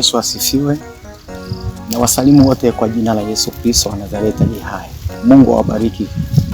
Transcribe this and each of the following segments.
Yesu asifiwe na wasalimu wote kwa jina la Yesu Kristo wa Nazareti aliye hai. Mungu awabariki.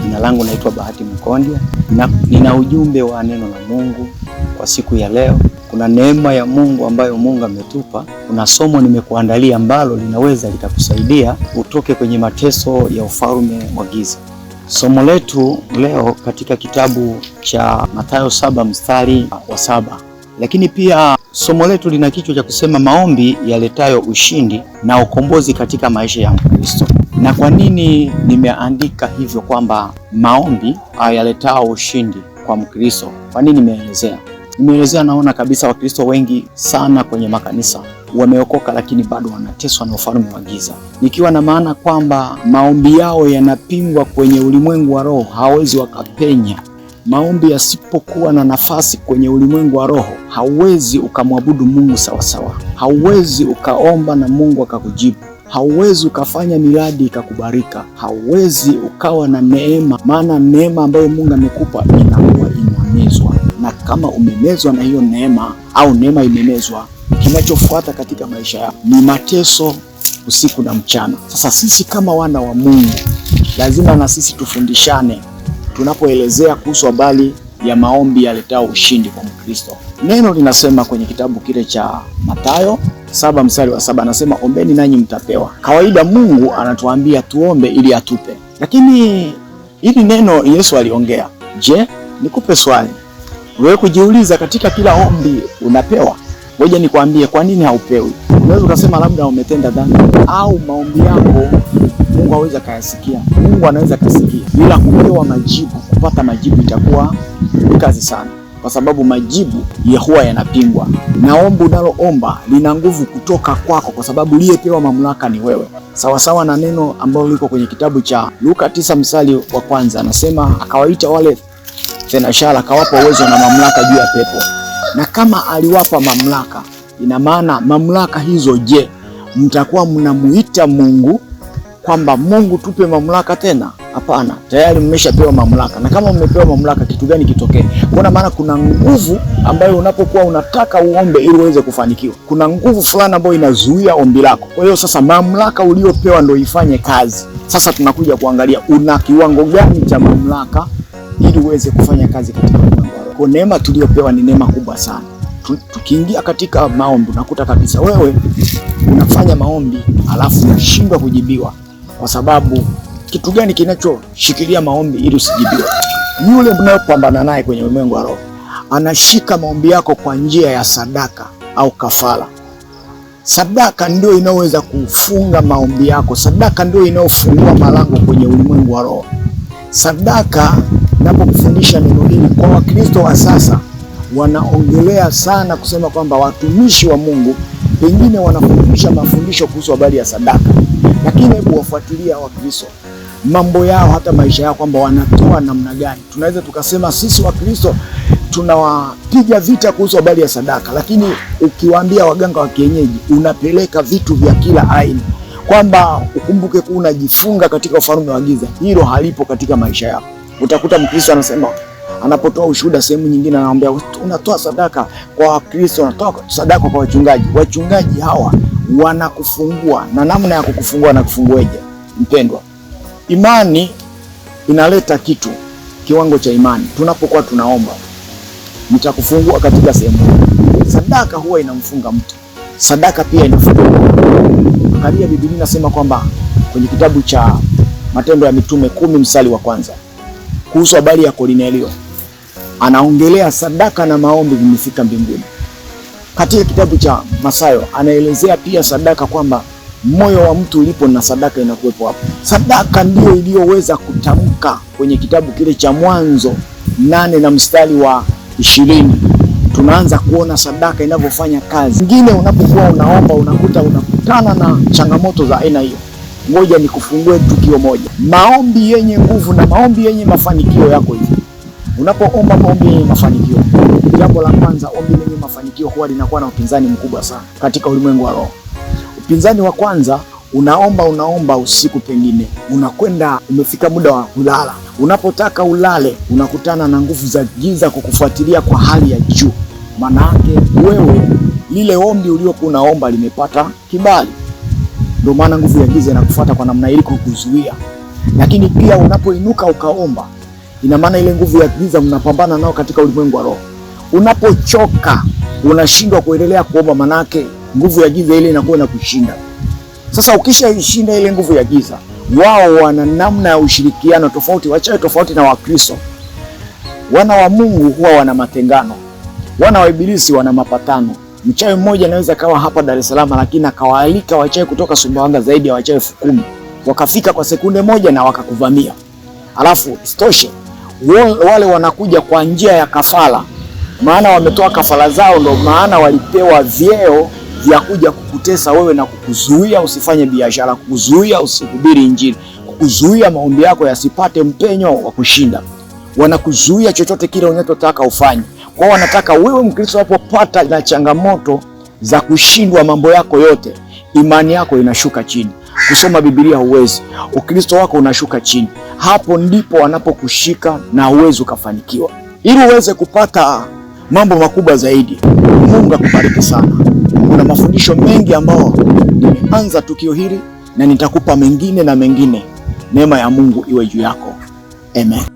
Jina langu naitwa Bahati Mkondia na nina ujumbe wa neno la Mungu kwa siku ya leo. Kuna neema ya Mungu ambayo Mungu ametupa. Kuna somo nimekuandalia ambalo linaweza litakusaidia utoke kwenye mateso ya ufalme wa giza. Somo letu leo katika kitabu cha Mathayo saba mstari wa saba lakini pia somo letu lina kichwa cha kusema maombi yaletayo ushindi na ukombozi katika maisha ya Mkristo. Na kwa nini nimeandika hivyo kwamba maombi yaletao ushindi kwa Mkristo? Kwa nini nimeelezea? Nimeelezea, naona kabisa Wakristo wengi sana kwenye makanisa wameokoka lakini bado wanateswa na ufalme wa giza, nikiwa na maana kwamba maombi yao yanapingwa kwenye ulimwengu wa roho, hawawezi wakapenya Maombi yasipokuwa na nafasi kwenye ulimwengu wa roho, hauwezi ukamwabudu Mungu sawasawa, hauwezi ukaomba na Mungu akakujibu hauwezi ukafanya miradi ikakubarika, hauwezi ukawa na neema, maana neema ambayo Mungu amekupa inakuwa imemezwa, na kama umemezwa na hiyo neema au neema imemezwa, kinachofuata katika maisha yako ni mateso usiku na mchana. Sasa sisi kama wana wa Mungu lazima na sisi tufundishane tunapoelezea kuhusu habari ya maombi yaletao ushindi kwa Mkristo. Neno linasema kwenye kitabu kile cha Mathayo saba mstari wa saba anasema ombeni nanyi mtapewa. Kawaida Mungu anatuambia tuombe ili atupe, lakini hili neno Yesu aliongea. Je, nikupe swali wewe kujiuliza, katika kila ombi unapewa? Ngoja nikwambie kwa nini haupewi. Unaweza ukasema labda umetenda dhambi au maombi yako Mungu hawezi kayasikia. Mungu anaweza kusikia, ila kupewa majibu, kupata majibu itakuwa ni kazi sana, kwa sababu majibu ya huwa yanapingwa, na ombi unaloomba lina nguvu kutoka kwako, kwa sababu uliyepewa mamlaka ni wewe, sawasawa na neno ambalo liko kwenye kitabu cha Luka tisa mstari wa kwanza, anasema akawaita wale thenashara, akawapa uwezo na mamlaka juu ya pepo. Na kama aliwapa mamlaka, ina maana mamlaka hizo, je, mtakuwa mnamuita Mungu kwamba Mungu tupe mamlaka tena. Hapana, tayari mmeshapewa mamlaka, na kama mmepewa mamlaka, kitu gani kitokee? Kuna maana kuna nguvu ambayo unapokuwa unataka uombe ili uweze kufanikiwa, kuna nguvu fulani ambayo inazuia ombi lako. Kwa hiyo sasa, mamlaka uliyopewa ndio ifanye kazi. Sasa tunakuja kuangalia una kiwango gani cha mamlaka ili uweze kufanya kazi katika ulimwengu. Kwa neema tuliyopewa ni neema kubwa sana. Tukiingia katika maombi, unakuta kabisa wewe unafanya maombi alafu unashindwa kujibiwa kwa sababu kitu gani kinachoshikilia maombi ili usijibiwe? Yule mnayopambana naye kwenye ulimwengu wa roho anashika maombi yako kwa njia ya sadaka au kafara. Sadaka ndio inayoweza kufunga maombi yako. Sadaka ndio inayofungua malango kwenye ulimwengu wa roho. Sadaka, napokufundisha neno hili kwa Wakristo wa sasa, wanaongelea sana kusema kwamba watumishi wa Mungu pengine wanafundisha mafundisho kuhusu habari ya sadaka lakini hebu wafuatilia Wakristo mambo yao, hata maisha yao, kwamba wanatoa namna gani. Tunaweza tukasema sisi Wakristo tunawapiga vita kuhusu habari ya sadaka, lakini ukiwaambia waganga wa kienyeji unapeleka vitu vya kila aina, kwamba ukumbuke kuwa unajifunga katika ufalme wa giza. Hilo halipo katika maisha yao. Utakuta Mkristo anasema anapotoa ushuhuda sehemu nyingine, anawaambia unatoa sadaka kwa Wakristo, unatoa sadaka kwa wachungaji. Wachungaji hawa wanakufungua, na namna ya kukufungua na kufungueje? Mpendwa, imani inaleta kitu, kiwango cha imani. Tunapokuwa tunaomba, nitakufungua katika sehemu. Sadaka huwa inamfunga mtu, sadaka pia inafunga. Angalia Biblia inasema kwamba kwenye kitabu cha Matendo ya Mitume kumi mstari wa kwanza kuhusu habari ya Kornelio anaongelea sadaka na maombi vimefika mbinguni. Katika kitabu cha Mathayo anaelezea pia sadaka kwamba moyo wa mtu ulipo na sadaka inakuwepo hapo. Sadaka ndiyo iliyoweza kutamka kwenye kitabu kile cha Mwanzo nane na mstari wa ishirini tunaanza kuona sadaka inavyofanya kazi. Ingine unapokuwa unaomba unakuta unakutana na changamoto za aina hiyo. Ngoja nikufungue tukio moja, maombi yenye nguvu na maombi yenye mafanikio yako hivi Unapoomba maombi yenye mafanikio, jambo la kwanza, ombi lenye mafanikio huwa linakuwa na upinzani mkubwa sana katika ulimwengu wa roho. Upinzani wa kwanza, unaomba unaomba usiku, pengine unakwenda umefika muda wa kulala, unapotaka ulale unakutana na nguvu za giza kukufuatilia kwa hali ya juu. Maana yake wewe lile ombi uliokuwa unaomba limepata kibali, ndio maana nguvu ya giza inakufuata kwa namna ili kukuzuia. Lakini pia unapoinuka ukaomba Ina maana ile nguvu ya giza mnapambana nao katika ulimwengu wa roho. Unapochoka unashindwa kuendelea kuomba, manake nguvu ya giza ile inakuwa na kushinda. Sasa ukishaishinda ile nguvu ya giza, wao wana namna ya ushirikiano tofauti. Wachawi tofauti na Wakristo, wana wa Mungu huwa wana matengano, wana wa Ibilisi wana mapatano. Mchawi mmoja anaweza kawa hapa Dar es Salaam, lakini akawaalika wachawi kutoka Sumbawanga zaidi ya wachawi elfu kumi wakafika kwa sekunde moja na wakakuvamia, alafu stoshe wale wanakuja kwa njia ya kafara, maana wametoa kafara zao, ndo maana walipewa vyeo vya kuja kukutesa wewe na kukuzuia usifanye biashara, kukuzuia usihubiri Injili, kukuzuia maombi yako yasipate mpenyo wa kushinda, wanakuzuia chochote kile unachotaka ufanye kwao. Wanataka wewe Mkristo unapopata na changamoto za kushindwa mambo yako yote, imani yako inashuka chini, kusoma Biblia huwezi, Ukristo wako unashuka chini hapo ndipo wanapokushika na uwezi ukafanikiwa. Ili uweze kupata mambo makubwa zaidi, Mungu akubariki sana. Kuna mafundisho mengi ambayo nimeanza tukio hili na nitakupa mengine na mengine. Neema ya Mungu iwe juu yako, amen.